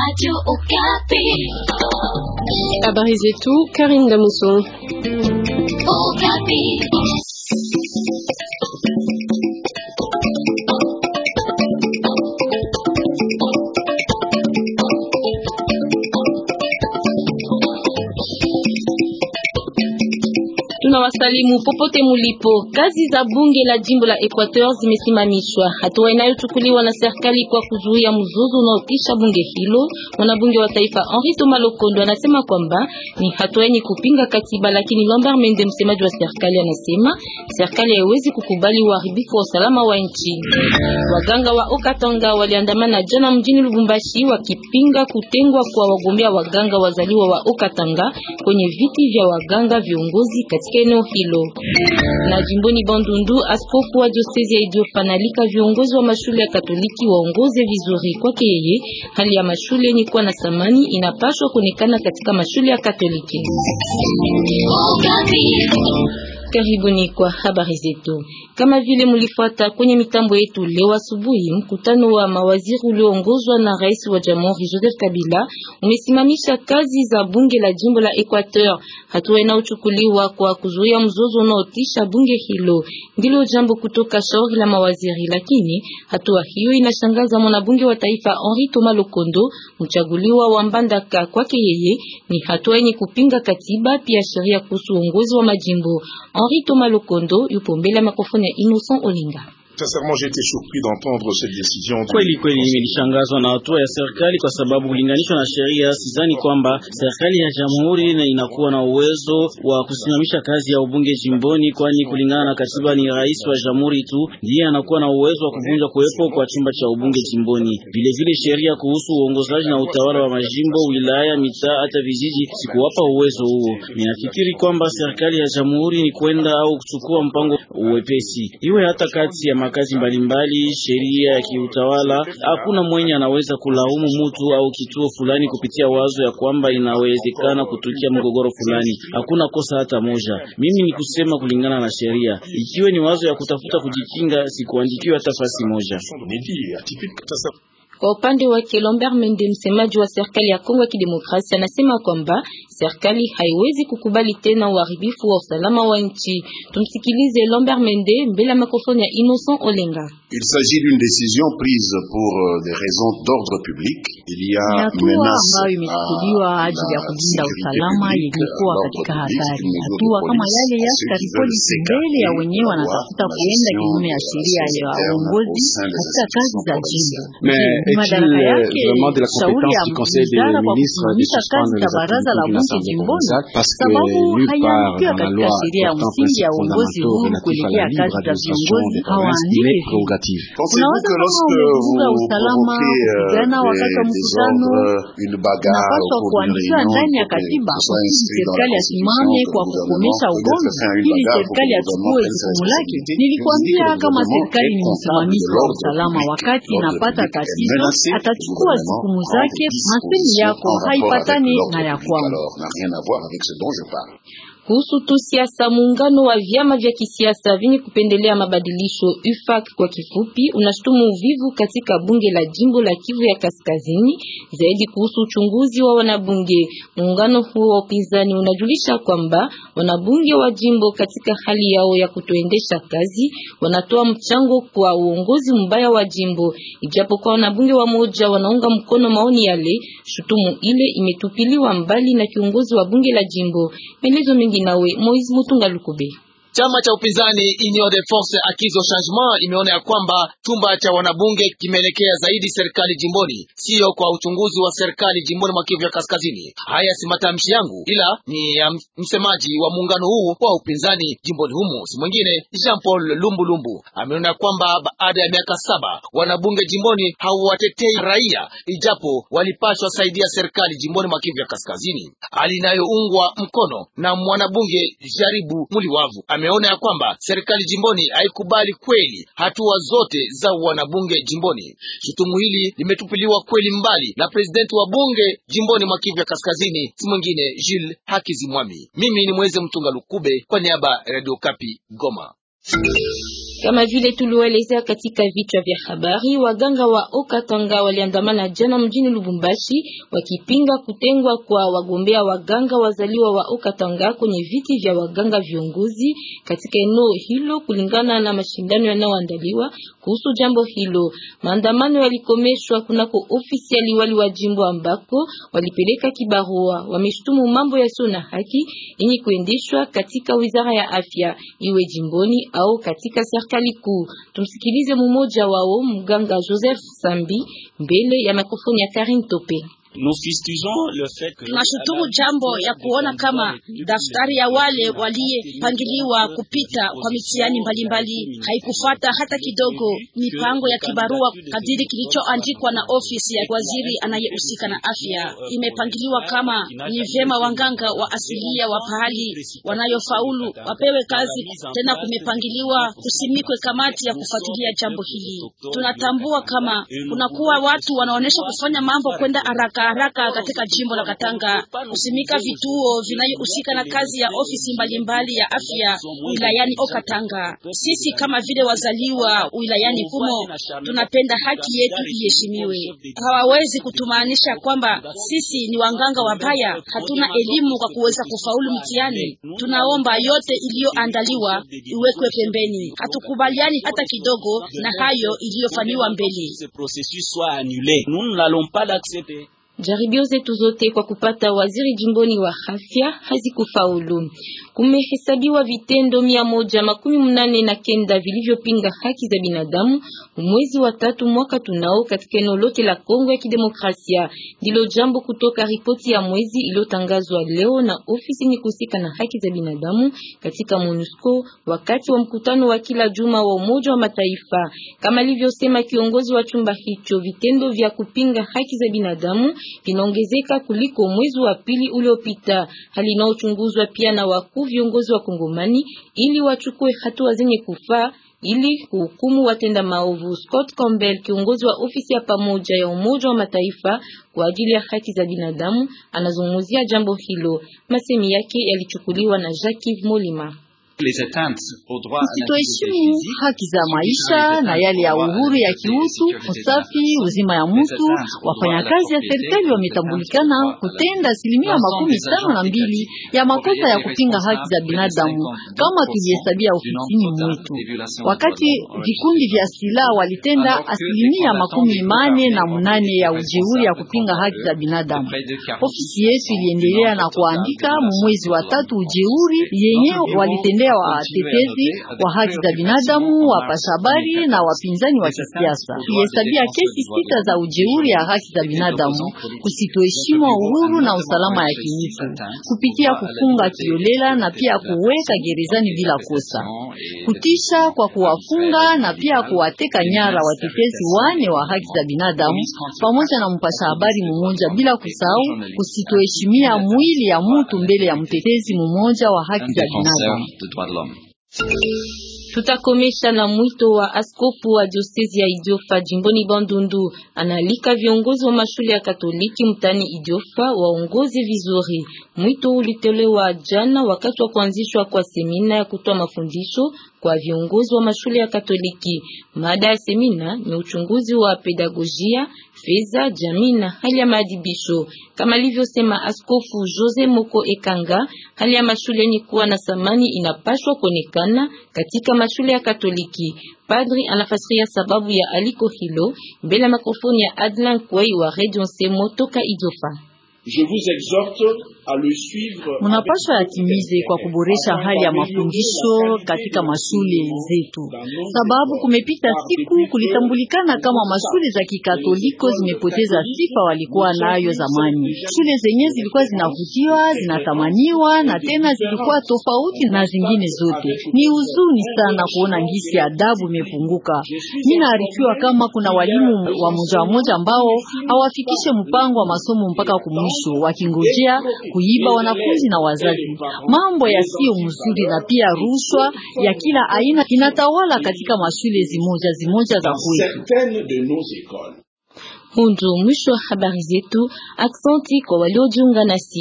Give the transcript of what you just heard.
Radio Okapi. Abarisez tout, Karine Damousson. Okapi. Okapi. tunawasalimu popote mulipo. Kazi za bunge la jimbo la Equateur zimesimamishwa, hatua inayochukuliwa na serikali kwa kuzuia mzozo unaokisha bunge hilo. Mwanabunge wa taifa Henri Thomas Lokondo anasema kwamba ni hatua yenye kupinga katiba, lakini Lambert Mende, msemaji wa serikali, anasema serikali haiwezi kukubali uharibifu wa usalama wa nchi. Waganga wa Okatanga waliandamana jana mjini Lubumbashi wakipinga kutengwa kwa wagombea waganga wazaliwa wa Okatanga kwenye viti vya waganga viongozi katika eneo hilo. Na jimboni Bandundu, askofu wa diosezi ya Idiofa nalika viongozi wa mashule ya Katoliki waongoze vizuri. Kwake yeye, hali ya mashule ni kuwa na thamani inapaswa kuonekana katika mashule ya Katoliki. Karibuni kwa habari zetu. Kama vile mlifuata kwenye mitambo yetu leo asubuhi, mkutano wa mawaziri ulioongozwa na Rais wa Jamhuri Joseph Kabila umesimamisha kazi za bunge la Jimbo la Equateur, hatua inayochukuliwa kwa kuzuia mzozo unaotisha bunge hilo. Ndilo jambo kutoka shauri la mawaziri, lakini hatua hiyo inashangaza mwanabunge wa taifa Henri Thomas Lokondo, mchaguliwa wa Mbandaka. Kwake yeye ni hatua yenye kupinga katiba pia sheria kuhusu uongozi wa majimbo. Henri Thomas Lokondo yupo mbele ya ya Innocent Olinga. Sincèrement, j'ai été surpris d'entendre cette décision. Kweli kweli nilishangazwa na hatua ya serikali kwa sababu kulinganishwa na sheria, sidhani kwamba serikali ya jamhuri inakuwa na uwezo wa kusimamisha kazi ya ubunge jimboni, kwani kulingana na katiba ni rais wa jamhuri tu ndiye anakuwa na uwezo wa kuvunja kuwepo kwa chumba cha ubunge jimboni. Vilevile sheria kuhusu uongozaji na utawala wa majimbo, wilaya, mitaa hata vijiji sikuwapa uwezo huo. Ninafikiri kwamba serikali ya jamhuri ni kwenda au kuchukua mpango uwepesi iwe hata kati ya makazi mbalimbali, sheria ya kiutawala. Hakuna mwenye anaweza kulaumu mtu au kituo fulani kupitia wazo ya kwamba inawezekana kutukia mgogoro fulani. Hakuna kosa hata moja. Mimi ni kusema kulingana na sheria, ikiwa ni wazo ya kutafuta kujikinga, sikuandikiwa hata fasi moja. Kwa upande wake Lambert Mende, msemaji wa serikali ya Kongo ya Kidemokrasia, anasema kwamba Serikali haiwezi kukubali tena uharibifu wa usalama wa nchi. Tumsikilize Lambert Mende mbele ya mikrofoni ya Innocent Olenga. Il s'agit d'une décision prise pour euh, des raisons d'ordre public. Il y a menace ambayo imechukuliwa ajili ya kulinda usalama yenye kuwa katika hatari. Hatua kama yale ya askari polisi mbele ya wenyewe wanatafuta kuenda kinyume ya sheria ya uongozi katika kazi za jimbo. Madaraka euh, yake shauri ya wizara kwa kusimamisha kazi za baraza la kijimboni, sababu hayaangukiwa katika sheria ya msingi ya uongozi huru kuelekea kazi za viongozi hawaandike. Unaweza kama umevuka usalama kupigana wakati wa mkutano, unapaswa kuandikwa ndani ya katiba ili serikali yasimame kwa kukomesha ugomvi, ili serikali yachukue jukumu lake. Nilikuambia kama serikali ni msimamizi wa usalama, wakati inapata tatizo atachukua jukumu zake. Masemi yako haipatani na ya kwangu. n'a rien à voir avec ce dont je parle. kuhusu tu siasa. Muungano wa vyama vya kisiasa vyenye kupendelea mabadilisho UFAK kwa kifupi, unashutumu uvivu katika bunge la jimbo la Kivu ya Kaskazini zaidi kuhusu uchunguzi wa wanabunge. Muungano huo wa upinzani unajulisha kwamba wanabunge wa jimbo katika hali yao ya kutoendesha kazi wanatoa mchango kwa uongozi mbaya wa jimbo. Ijapokuwa wanabunge wa moja wanaunga mkono maoni yale, shutumu ile imetupiliwa mbali na kiongozi wa bunge la jimbo. Maelezo mengi ginawe moise mutunga lukube Chama cha upinzani Union de Force Acquis au Changement imeona ya kwamba chumba cha wanabunge kimeelekea zaidi serikali jimboni, siyo kwa uchunguzi wa serikali jimboni mwa Kivu ya Kaskazini. Haya si matamshi yangu, ila ni ya msemaji wa muungano huu wa upinzani jimboni humo, si mwingine Jean Paul Lumbulumbu. Ameona kwamba baada ya miaka saba wanabunge jimboni hawatetei raia, ijapo walipashwa saidia serikali jimboni mwa Kivu ya Kaskazini, hali inayoungwa mkono na mwanabunge Jaribu Muliwavu Ame ameona ya kwamba serikali jimboni haikubali kweli hatua zote za wanabunge jimboni. Shutumu hili limetupiliwa kweli mbali na presidenti wa bunge jimboni mwa Kivu ya Kaskazini, si mwingine Jules Hakizimwami. Mimi ni Mweze Mtunga Lukube kwa niaba ya Radio Kapi Goma. Kama vile tulioelezea katika vichwa vya habari, waganga wa Okatanga waliandamana jana mjini Lubumbashi wakipinga kutengwa kwa wagombea waganga wazaliwa wa Okatanga kwenye viti vya waganga viongozi katika eneo hilo, kulingana na mashindano yanayoandaliwa kuhusu jambo hilo. Maandamano yalikomeshwa kunako ofisi ya liwali wa jimbo ambako walipeleka kibarua. Wameshtumu mambo yasiyo na haki yenye kuendeshwa katika wizara ya afya iwe jimboni au katika serikali serikali kuu. Tumsikilize mmoja wao, mganga Joseph Sambi, mbele ya mikrofoni ya Karin Tope tunashutumu jambo ya kuona kama daftari ya wale waliyepangiliwa kupita kwa mitihani mbalimbali haikufata hata kidogo mipango ya kibarua kadiri kilichoandikwa na ofisi ya waziri anayehusika na afya. Imepangiliwa kama ni vyema wanganga wa asilia wa pahali wanayofaulu wapewe kazi tena. Kumepangiliwa kusimikwe kamati ya kufuatilia jambo hili. Tunatambua kama kunakuwa watu wanaonyesha kufanya mambo kwenda haraka haraka katika jimbo la Katanga, kusimika vituo vinayohusika na kazi ya ofisi mbalimbali ya afya wilayani Okatanga. Sisi kama vile wazaliwa wilayani humo tunapenda haki yetu iheshimiwe. Hawawezi kutumaanisha kwamba sisi ni wanganga wabaya, hatuna elimu kwa kuweza kufaulu mtihani. Tunaomba yote iliyoandaliwa iwekwe pembeni, hatukubaliani hata kidogo na hayo iliyofanywa mbele. Jaribio zetu zote kwa kupata waziri jimboni wa afya hazikufaulu. Kumehesabiwa vitendo mia moja makumi mnane na kenda vilivyopinga haki za binadamu mwezi wa tatu mwaka tunao katika eneo lote la Kongo ya Kidemokrasia. Ndilo jambo kutoka ripoti ya mwezi iliyotangazwa leo na ofisi yenye kuhusika na haki za binadamu katika MONUSCO wakati wa mkutano wa kila juma wa Umoja wa Mataifa. Kama alivyosema kiongozi wa chumba hicho, vitendo vya kupinga haki za binadamu kinaongezeka kuliko mwezi wa pili uliopita. Hali inayochunguzwa pia na wakuu viongozi wa Kongomani ili wachukue hatua zenye kufaa ili kuhukumu watenda maovu. Scott Campbell, kiongozi wa ofisi ya pamoja ya Umoja wa Mataifa kwa ajili ya haki za binadamu, anazungumzia jambo hilo. Masemi yake yalichukuliwa na Jacques Molima. Sitoheshimu haki za maisha na yale ya uhuru ya kiutu, usafi, uzima ya mtu. Wafanyakazi ya serikali wametambulikana kutenda asilimia makumi tano na mbili ya makosa ya kupinga haki za binadamu kama tulihesabia ofisini mwetu, wakati vikundi vya silaha walitenda asilimia makumi mane na mnane ya ujeuri ya kupinga haki za binadamu. Ofisi yetu iliendelea na kuandika mwezi wa tatu ujeuri yenye walitendea kuwatetea watetezi wa haki za binadamu, wapasha habari na wapinzani wa kisiasa. Tulihesabia kesi sita za ujeuri ya haki za binadamu, kusitoheshimwa uhuru na usalama ya kinchi, kupitia kufunga kiolela na pia kuweka gerezani bila kosa, kutisha kwa kuwafunga na pia kuwateka nyara watetezi wane wa haki za binadamu pamoja na mpasha habari mmoja, bila kusahau kusitoheshimia mwili ya mtu mbele ya mtetezi mmoja wa haki za binadamu. Barlam. Tutakomesha na mwito wa askofu wa diosezi ya Idiofa jimboni Bandundu. Analika viongozi wa mashule ya Katoliki mtani Idiofa waongozi vizuri. Mwito ulitolewa jana wakati wa kuanzishwa kwa semina ya kutoa mafundisho kwa viongozi wa mashule ya Katoliki. Mada ya semina ni uchunguzi wa pedagojia, fedha, jamii na hali ya maadhibisho. Kama alivyosema Askofu Jose Moko Ekanga, hali ya mashule ni kuwa na samani inapashwa kuonekana katika mashule ya Katoliki. Padri anafasiria sababu ya aliko hilo mbele ya mikrofoni ya Adlan Kwei wa Radio Nsemo toka Idofa. Je vous exhorte munapaswa yatimize kwa kuboresha hali ya mafundisho katika mashule zetu, sababu kumepita siku kulitambulikana kama mashule za kikatoliko zimepoteza sifa walikuwa nayo zamani. Shule zenye zilikuwa zinavutiwa, zinatamaniwa na tena zilikuwa tofauti na zingine zote. Ni huzuni sana kuona ngisi adabu imepunguka. mina arikiwa kama kuna walimu wa moja moja ambao hawafikishe mpango wa masomo mpaka kumwisho, wakingojea kuiba wanafunzi na wazazi, mambo yasiyo mzuri, na pia rushwa ya kila aina inatawala katika mashule zimoja zimoja za kwetu. Huu mwisho wa habari zetu. Aksanti kwa waliojiunga nasi.